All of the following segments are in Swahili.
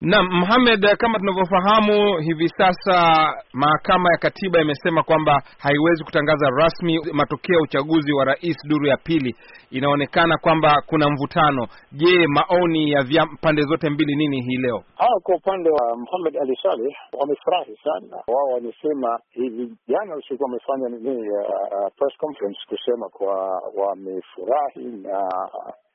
Naam, Mohamed, kama tunavyofahamu hivi sasa mahakama ya katiba imesema kwamba haiwezi kutangaza rasmi matokeo ya uchaguzi wa rais duru ya pili. Inaonekana kwamba kuna mvutano. Je, maoni ya vya pande zote mbili nini hii leo? Aa, kwa upande wa Mohamed Ali Saleh wamefurahi sana. Wao wamesema hivi jana usiku wamefanya nini, uh, uh, press conference kusema kwa wamefurahi na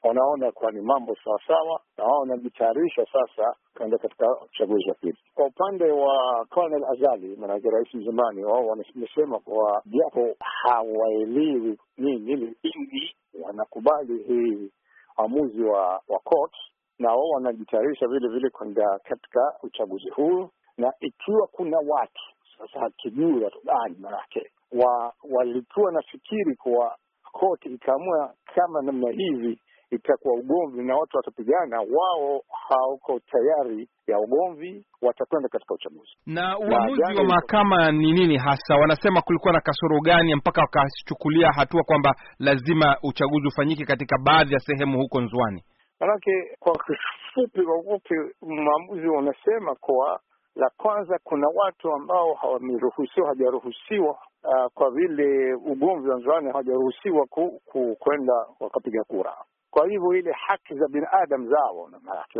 wanaona kuwa ni mambo sawasawa, na wao wanajitayarisha sasa kuenda katika uchaguzi wa pili. Kwa upande wa Colonel Azali, maanake rais mzamani, wao wamesema kuwa japo hawaelewi nini nini, wanakubali hii uamuzi wa wa court, na wao wanajitayarisha vile vile kwenda katika uchaguzi huu, na ikiwa kuna watu sasa hatujui watu gani manake wa walikuwa nafikiri kuwa koti ikaamua kama namna hivi itakuwa ugomvi na watu watapigana, wao hawako tayari ya ugomvi, watakwenda katika uchaguzi. Na uamuzi wa mahakama ni nini hasa? Wanasema kulikuwa na kasoro gani mpaka wakachukulia hatua kwamba lazima uchaguzi ufanyike katika baadhi ya sehemu huko Nzwani? Manake kwa kifupi, kwa ufupi, maamuzi wanasema kuwa la kwanza, kuna watu ambao hawameruhusiwa hawajaruhusiwa uh, kwa vile ugomvi wa Nzwani hawajaruhusiwa ku, ku, kwenda wakapiga kura. Kwa hivyo ile haki za binadamu zao, maanake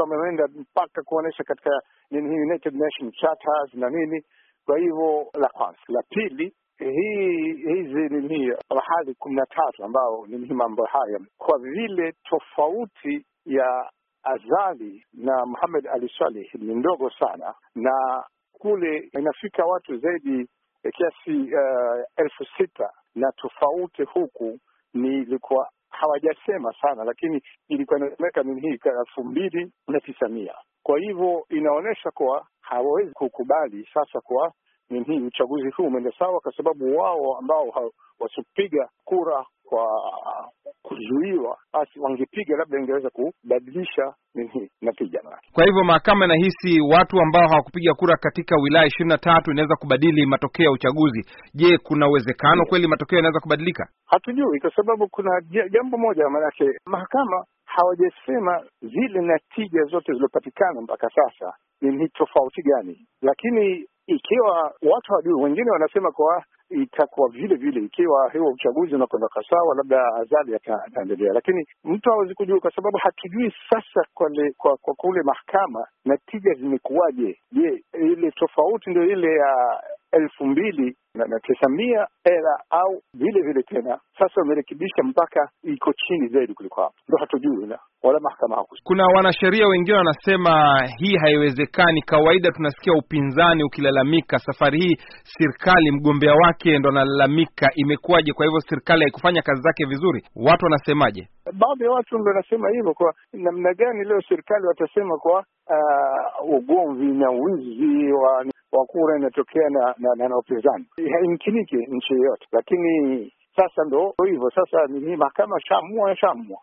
wameenda mpaka kuonyesha katika nini, United Nations Charters na nini. Kwa hivyo la kwanza, la pili hii hizi nini bahari kumi na tatu ambao ni mambo haya, kwa vile tofauti ya Azali na Muhammad Ali Swaleh ni ndogo sana, na kule inafika watu zaidi kiasi uh, elfu sita na tofauti huku ni ilikuwa hawajasema sana, lakini ilikuwa inasemeka ni hii elfu mbili na tisa mia. Kwa hivyo inaonyesha kuwa hawawezi kukubali sasa kuwa nini hii uchaguzi huu umeenda sawa, kwa sababu wao ambao wasipiga kura kwa kuzuiwa, basi wangepiga labda ingeweza kubadilisha nini natija. Kwa hivyo mahakama inahisi watu ambao hawakupiga kura katika wilaya ishirini na tatu inaweza kubadili matokeo ya uchaguzi. Je, kuna uwezekano kweli matokeo yanaweza kubadilika? Hatujui, kwa sababu kuna jambo moja, maanake mahakama hawajasema zile natija zote zilizopatikana mpaka sasa ni tofauti gani, lakini ikiwa watu hawajui, wengine wanasema kwa itakuwa vile vile, ikiwa huo uchaguzi unakwenda kasawa, labda Azali ataendelea, lakini mtu hawezi kujua, kwa sababu hatujui sasa kwa, kwa kule mahakama natija zimekuwaje. Je, ile tofauti ndio ile ya elfu mbili na, na tisa mia era au vile vile tena sasa wamerekebisha mpaka iko chini zaidi kuliko hapo, ndo hatujui na wala mahakama hakusi. Kuna wanasheria wengine wanasema hii haiwezekani. Kawaida tunasikia upinzani ukilalamika, safari hii serikali mgombea wake ndo analalamika. Imekuwaje? Kwa hivyo serikali haikufanya kazi zake vizuri, watu wanasemaje? Baadhi ya watu ndo wanasema hivyo. Kwa namna gani leo serikali watasema kwa uh, ugomvi na wizi wa wa kura inatokea na na, na upinzani, haimkiniki nchi yoyote. Lakini sasa ndo hivyo sasa, ni mahakama shamua shamua